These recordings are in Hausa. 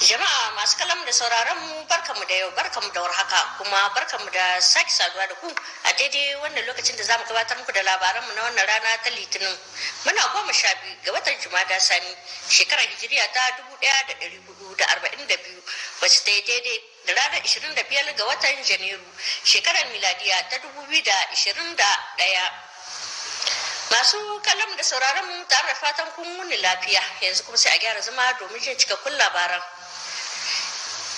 Jama'a masu kalam da sauraron mu barkamu da yau barkamu da warhaka kuma barkamu da sake saduwa da ku a daidai wannan lokacin da zamu gabatar muku da labaran mu na wannan rana ta Litinin. Muna goma sha biyu ga watan Jumada Sani shekarar Hijiriya ta dubu ɗaya da ɗari hudu da arba'in da biyu wacce ta yi daidai da ranar biyar ga watan Janairu shekarar miladiya ta dubu biyu da ishirin da ɗaya. Masu kalam da sauraron mu tare da fatan kun muni lafiya yanzu kuma sai a gyara zama domin jin cikakkun labaran.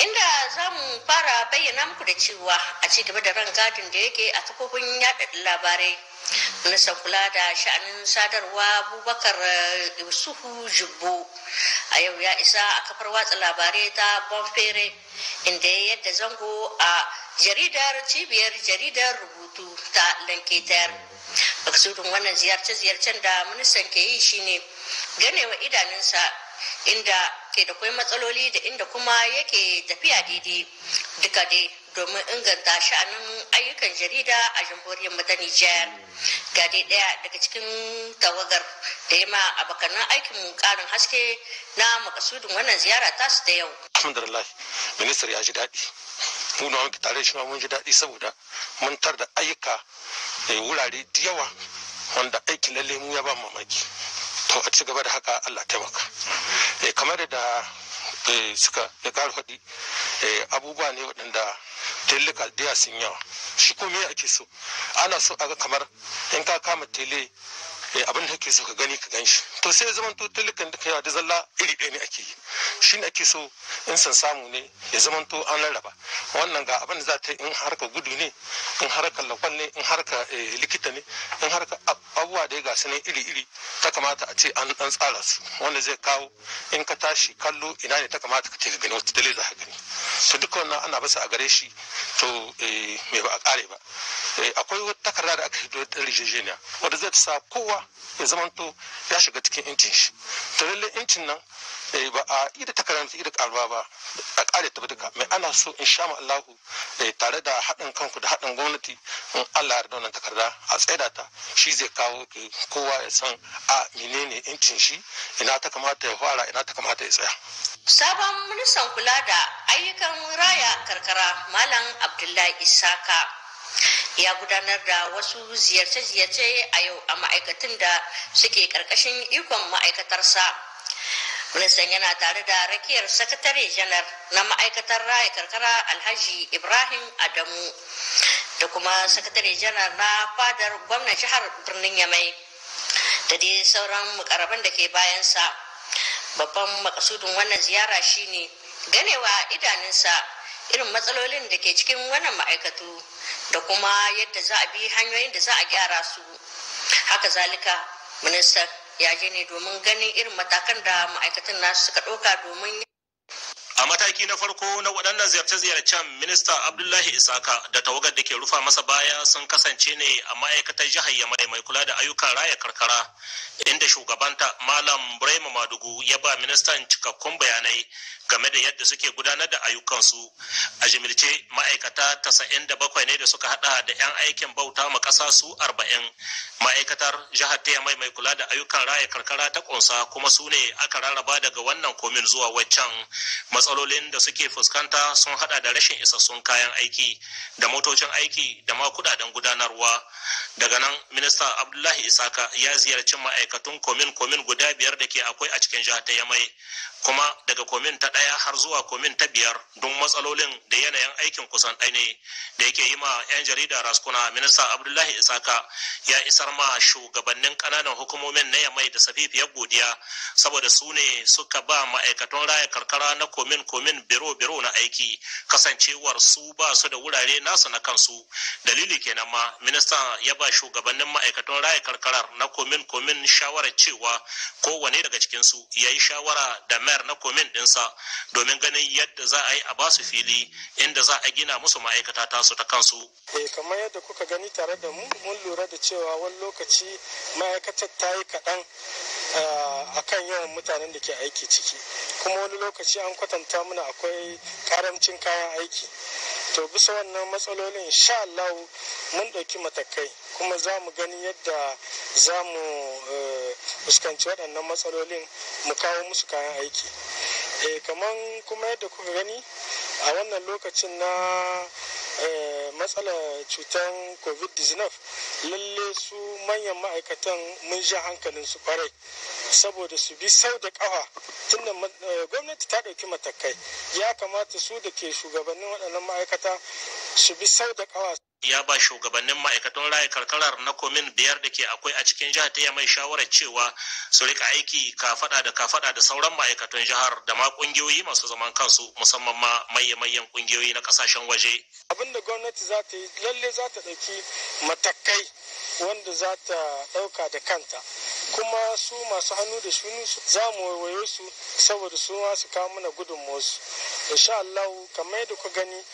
inda za mu fara bayyana muku da cewa a ci gaba da rangadin da yake a kafofin yada labarai ministan kula da sha'anin sadarwa abubakar eh, yusufu jibbo a yau ya isa a kafar watsa labarai ta bonfere inda ya yadda zango a jaridar cibiyar jaridar rubutu ta lanketar maksudin wannan ziyarce-ziyarcen da ministan ke yi shine ganewa idanunsa inda ke da kwai matsaloli da inda kuma yake tafiya daidai duka dai domin inganta sha'anin ayyukan jarida a jamhuriyar mu ta Nijar. Ga dai ɗaya daga cikin tawagar da ya ma abokanan aikin mu ƙarin haske na makasudin wannan ziyara tasu da yau. Alhamdulillah, ya ji daɗi. Mu na tare shi mun ji daɗi saboda mun tar da ayyuka da wurare da yawa wanda aikin lalle mu ya ba mamaki. to a ci gaba da haka Allah taimaka eh, kamar eh, da suka ya ƙara faɗi eh, abubuwa ne waɗanda tele kaldiya sun yawa shi kuma me ake so ana so a ga kamar in ka kama tele Eh, abin da kake so ka gani ka gan shi to sai zaman to tulukan da kai da zalla iri ɗaya ne ake yi shi ne ake so in san samu ne ya zaman to an rarraba wannan ga abin da za ta in harka gudu ne in harka lakon ne in harka eh, likita ne in harka abubuwa da ya gasu ne iri iri ta kamata a ce an dan tsara su wanda zai kawo in ka tashi kallo ina ne ta kamata ka ce ka gani wata dalilin za gani to duka wannan ana basa a gare shi to eh, me ba a kare ba akwai wata takarda da aka yi da rijejeniya wadda zai ta sa kowa ya ya zamanto ya shiga cikin incin shi to lalle incin nan eh, ba a ida takarar karanta ida karba ba a kare ta duka mai ana so in sha Allahu eh, tare da haɗin kanku da haɗin gwamnati in Allah ya wannan takarda a tsaida ta shi zai kawo eh, kowa ya san a menene incin shi ina ta kamata ya fara ina ta kamata ya tsaya sabon ministan kula da ayyukan raya karkara malam abdullahi isaka ya gudanar da wasu ziyarce-ziyarce a yau a ma'aikatan da suke karkashin ikon ma'aikatarsa ministan yana tare da rakiyar sakatare janar na ma'aikatar raya karkara alhaji ibrahim adamu da kuma sakatare janar na fadar gwamnan jihar birnin yamai da dai sauran mukarraban da ke bayansa babban makasudin wannan ziyara shine ganewa idanunsa irin matsalolin da ke cikin wannan ma'aikatu da kuma yadda za a bi hanyoyin da za a gyara su haka zalika ministan ya je ne domin ganin irin matakan da ma'aikatan nasu suka ɗauka domin mataki na farko na waɗannan ziyarce-ziyarcen minista abdullahi isaka da tawagar da ke rufa masa baya sun kasance ne a ma'aikatar jihar yamai mai kula da ayyukan raya karkara inda shugabanta malam brema madugu ya ba ministan cikakkun bayanai game da yadda suke gudanar da ayyukansu a jimilce ma'aikata tasa'in da bakwai ne da suka hada da 'yan aikin bauta ma kasa su arba'in ma'aikatar jihar ta mai mai kula da ayyukan raya karkara ta ƙunsa kuma su ne aka rarraba daga wannan komin zuwa waccan matsalolin matsalolin da suke fuskanta sun hada da rashin isassun kayan aiki da motocin aiki da ma kudaden gudanarwa daga nan minista abdullahi isaka ya ziyarci ma'aikatun komin komin guda biyar da ke akwai a cikin jihar ta yamai kuma daga komin ta ɗaya har zuwa komin ta biyar don matsalolin da yanayin aikin kusan ɗai ne da yake yi ma 'yan jarida raskuna minista abdullahi isaka ya isar ma shugabannin ƙananan hukumomin na yamai da safifiyar godiya saboda su ne suka ba ma'aikatan raya karkara na komin komin biro biro na aiki kasancewar su ba su da wurare nasu na kansu dalili kenan ma minista ya ba shugabannin ma'aikatan raya karkarar na komin komin shawarar cewa kowane daga cikinsu ya yi shawara da mayar na komen dinsa domin ganin yadda za a yi a basu fili inda za a gina musu ma'aikata tasu ta kansu. Eh kamar yadda kuka gani tare da mu mun lura da cewa wani lokaci ma'aikatar ta yi kaɗan akan yawan mutanen da ke aiki ciki kuma wani lokaci an kwatanta mana akwai karamcin kayan aiki to bisa wannan matsalolin sha Allah mun ɗauki matakai kuma za mu gani yadda za mu e, fuskanci waɗannan matsalolin mu kawo musu kayan aiki e, kamar kuma yadda kuka gani a wannan lokacin na Eh, matsalar cutar covid-19 lalle su manyan ma'aikatan mun sha hankalin su kwarai saboda su bi sau da kawa tun eh, gwamnati ta ɗauki matakai ya kamata su da ke shugabannin waɗannan ma'aikata su bi sau da kawa ya ba shugabannin ma'aikatan raya karkarar na komin biyar da ke akwai a cikin jihar ta mai shawarar cewa su rika aiki kafada da kafada da sauran ma'aikatan jihar da ma kungiyoyi masu zaman kansu musamman ma maye-mayen kungiyoyi na kasashen waje abin da gwamnati za ta yi lalle za ta ɗauki matakai wanda za ta ɗauka da kanta kuma su masu hannu da shunu za mu waiwaye su saboda su ma su kawo mana gudunmuwarsu insha Allah kamar yadda ku gani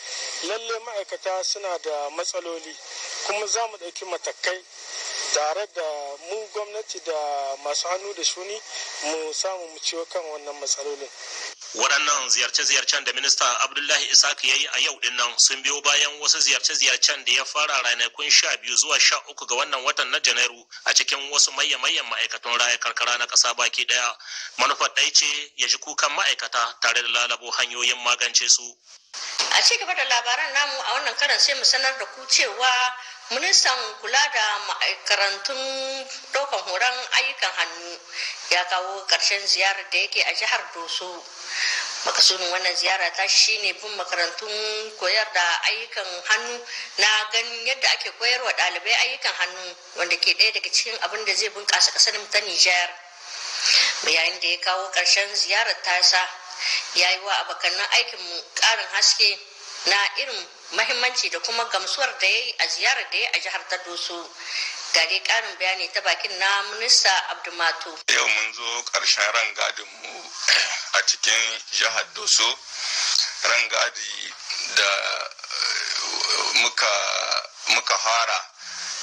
lalle ma'aikata suna da matsala. matsaloli kuma za mu ɗauki matakai tare da mu gwamnati da masu hannu da shuni mu samu mu ciwo kan wannan matsalolin waɗannan ziyarce-ziyarcen da minista abdullahi isaac ya yi a yau din nan sun biyo bayan wasu ziyarce-ziyarcen da ya fara ranakun sha biyu zuwa sha uku ga wannan watan na janairu a cikin wasu mayyan-mayyan ma'aikatan raya karkara na ƙasa baki ɗaya manufar ɗai ce ya ji kukan ma'aikata tare da lalabo hanyoyin magance su a ci gaba da labaran namu a wannan karan sai mu sanar da ku cewa ministan kula da ma'aikarantun ɗaukan horon ayyukan hannu ya kawo ƙarshen ziyarar da yake a jihar doso makasunin wannan ziyara ta ne bin makarantun koyar da ayyukan hannu na ganin yadda ake koyar wa ɗalibai ayyukan hannu wanda ke ɗaya daga cikin abin da zai bunƙasa ƙasar ta nijar bayan da ya kawo ƙarshen ziyarar tasa ya yi wa abokanan aikinmu ƙarin haske na irin mahimmanci da kuma gamsuwar da ya yi a ziyarar da ya a jihar ta doso ga karin ƙarin bayani ta bakin na minista abdulmato yau mun zo ƙarshen rangadin mu a cikin jihar doso rangadi da eh, muka fara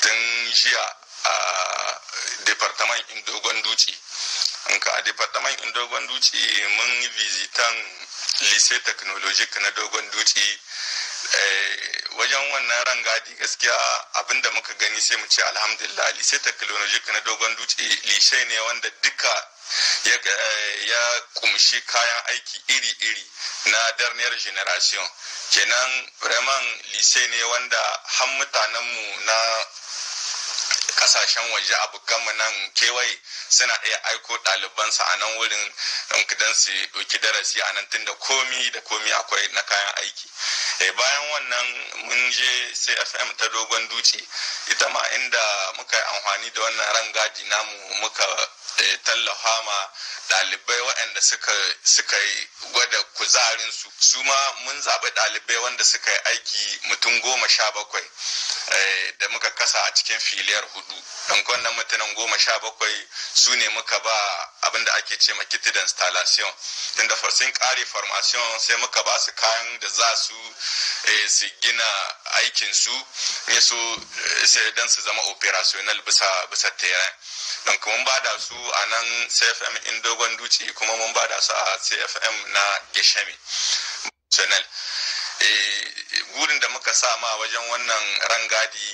tun jiya a departament dogon dutse. nka a departement in dogon duci mun yi visitan lycée technologique na dogon duci eh, wajen wannan rangadi gaskiya abinda muka gani sai mu ce alhamdulillah lycée technologique na dogon duci lycée ne wanda duka ya eh, kumshi kayan aiki iri-iri na dernier generation kenan vraiment lycée ne wanda har mutanenmu na kasashen waje abokanmu nan kewaye suna iya aiko ɗalibansa a nan wurin don su ɗauki darasi a nan tunda komi da komi akwai na kayan aiki eh, bayan wannan mun je cfm ta dogon duci ita ma inda muka yi amfani da wannan rangaji namu muka tallafa ma ɗalibai waɗanda suka yi gwada kuzarinsu su ma mun zaɓi ɗalibai wanda suka yi aiki mutum goma sha bakwai eh, da muka kasa a cikin filiyar hudu don na mutunan goma sha bakwai su ne muka ba abinda ake ce makiti da installation tunda farsin ƙari formation sai muka ba su kayan da za su eh, su gina aikinsu ne su eh, don su zama operational bisa bisa terrain donc mun da su a nan cfm in dogon duci kuma mun ba da su a cfm na geshami channel gurin eh, da muka sa ma wajen wannan rangadi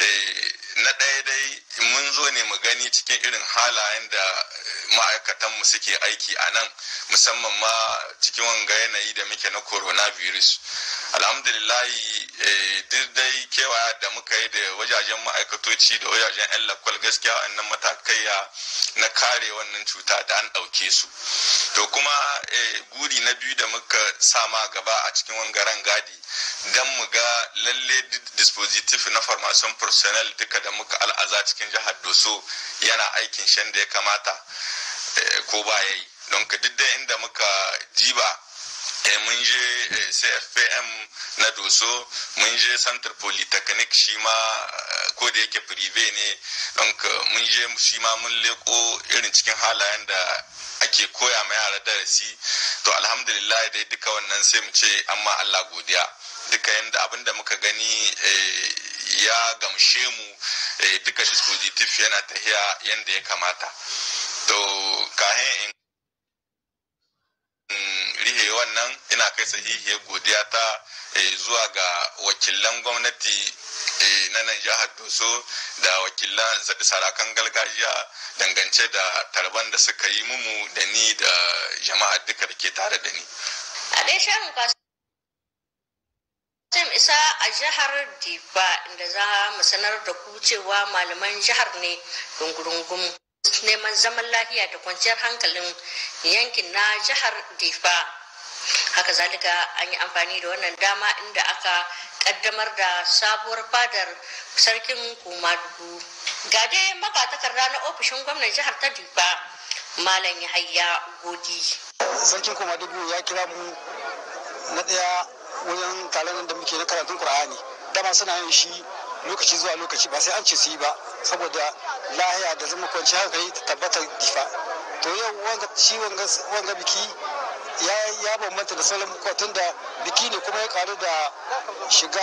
eh, na ɗaya dai mun zo ne mu gani cikin irin halayen da ma'aikatanmu suke aiki a nan musamman ma cikin wanga yanayi da muke na coronavirus alhamdulillahi eh, duk dai kewaya da muka yi da wajajen ma'aikatoci da wajajen 'yan lakwal gaskiya wannan matakaiya na kare wannan cuta da an ɗauke su to kuma eh, guri na biyu da muka sama gaba a cikin wangaren gadi don mu ga lalle dispositif na formation personnel duka da muka al'aza cikin jihar doso yana aikin shan da ya kamata eh, ko ba ya yi don ka duk da inda muka jiba eh mun je cfpm eh, na doso mun je center polytechnic shi ma eh, ko da yake prive ne don mun je shi ma mun leko irin cikin halayen da ake koya ma yara darasi to alhamdulillah dai duka wannan sai mu ce amma allah godiya duka yadda abinda muka gani eh, ya gamshe mu duka dispositif yana tahiya yadda ya kamata to kahin sahihi wannan ina kai sahihi godiya ta eh, zuwa ga wakilan gwamnati eh, na nan jihar doso da wakilan sarakan gargajiya dangance da tarban da suka yi mumu da ni da jama'a duka da ke tare da ni a isa a jihar Diba inda za mu sanar da ku cewa malaman jihar ne gungurungun neman zaman lafiya da kwanciyar hankalin yankin na jihar Diba. haka zalika an yi amfani da wannan dama inda aka kaddamar da sabuwar fadar sarkin kumadugu ga dai magatakarda na ofishin gwamnan jihar ta duba malam yahaya godi sarkin kumadugu ya kira mu na daya wajen taron da muke na karatun ƙur'ani. dama suna yin shi lokaci zuwa lokaci ba sai an ce su yi ba saboda lahiya da zama kwanci hankali ta tabbatar difa to yau wanga shi wanga biki ya bambanta da salon bukuwa tun da biki ne kuma ya karu da shiga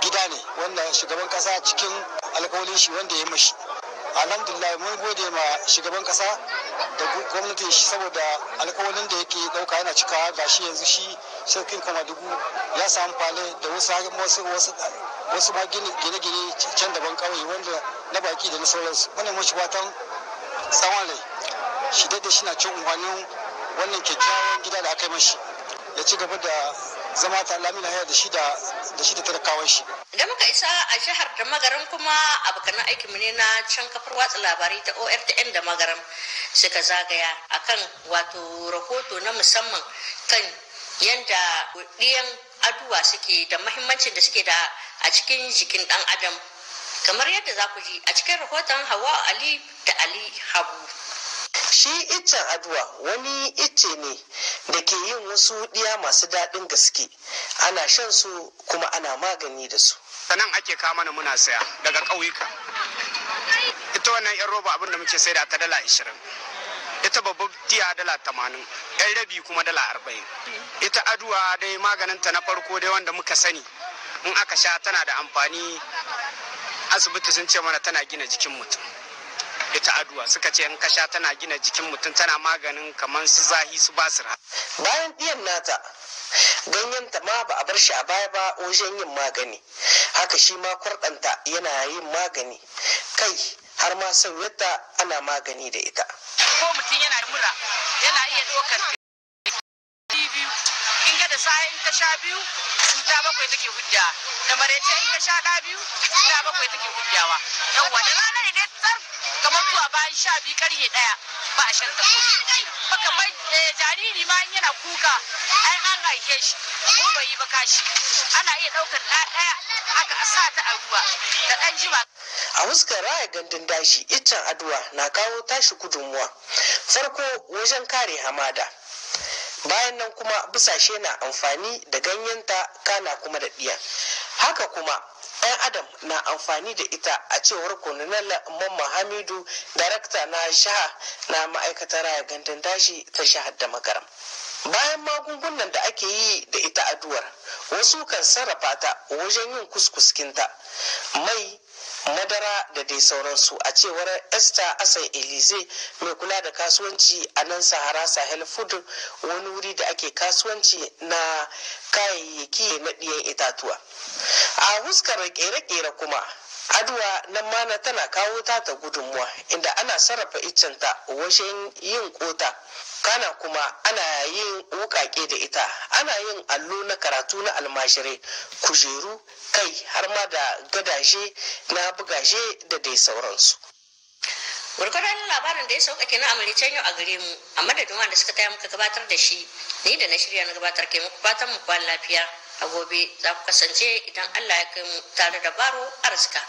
gida ne wanda shugaban kasa cikin alkawalin shi wanda ya mashi alhamdulillah mun gode ma shugaban kasa da gwamnati shi saboda alkawalin da yake dauka yana cikawa gashi yanzu shi sarkin dubu ya samu fale da wasu wasu wasu ma gine-gine can daban kawai wanda na baki da na sauransu wannan mashi watan tsawon rai shi da shi na cin umarnin wannan kyakkyawan gida da aka yi mashi ya ci gaba da zama ta lami lahiya da shi da shi da tarakawan shi. Da muka isa a jihar da magaran kuma abokanan aikin mu ne na can kafar watsa labarai ta ORTN da magaran suka zagaya akan wato rahoto na musamman kan yadda ɗiyan aduwa suke da mahimmancin da suke da a cikin jikin dan adam kamar yadda za ku ji a cikin rahoton hawa ali da ali habu shi iccen aduwa wani icce ne da ke yin wasu ɗiya masu daɗin gaske ana shan su kuma ana magani da su sanan ake kama muna saya daga ƙauyuka ita wannan yan roba abin muke sai da ta dala ashirin ita babbar tiya dala tamanin yan rabi kuma dala arba'in ita aduwa dai maganin ta na farko dai wanda muka sani in aka sha tana da amfani asibiti sun ce mana tana gina jikin mutum ita aduwa suka ce in kasha tana gina jikin mutum tana maganin kamar su zahi su basir bayan ɗiyan nata ganyen ta ma ba a bar shi a baya ba wajen yin magani haka shi ma kwarɗanta yana yin magani kai har ma sauyarta ana magani da ita ko mutum yana mura yana iya ɗaukar biyu kin ga da safe in ka sha biyu cuta bakwai take hujja da maraice in ka sha ɗa biyu cuta bakwai take hujjawa yawwa da rana bayan sha biyu karye ɗaya ba a shan tafi ba kamar eh, jariri ma yana kuka ai an haife shi ko bai yi ba kashi ana iya ɗaukar ɗa ɗaya aka a sa ta a ruwa da ɗan jima a fuskar raya gandun dashi iccen aduwa na kawo tashi gudunmuwa farko wajen kare hamada bayan nan kuma busashe na amfani da ganyenta kana kuma da ɗiya haka kuma 'yan adam na amfani da ita a cewar kolonel mamman hamidu darakta na shaha na ma'aikatar raya gandun dashi ta shahar da magaram bayan magungunan da ake yi da ita aduwar wasu kan sarrafa ta wajen yin kuskuskinta mai madara da dai sauransu a cewar esther asai elize mai kula da kasuwanci a nan sahara sahel food wani wuri da ake kasuwanci na kayayyaki na ɗiyan itatuwa a huskar kere-kere kuma aduwa na mana tana kawo ta ta gudunmuwa inda ana sarrafa iccenta wajen yin kota kana kuma ana yin wukake da ita ana yin allo na karatu na almashirai kujeru kai har ma da gadaje na bugaje da dai sauransu gwargwadon labarin da ya sauka kenan a yau a gare mu a madadin wanda suka taya muka gabatar da shi ni da na shirya na gabatar ke muku fatan mu kwan lafiya a gobe za ku kasance idan allah ya kai mu tare da baro arzika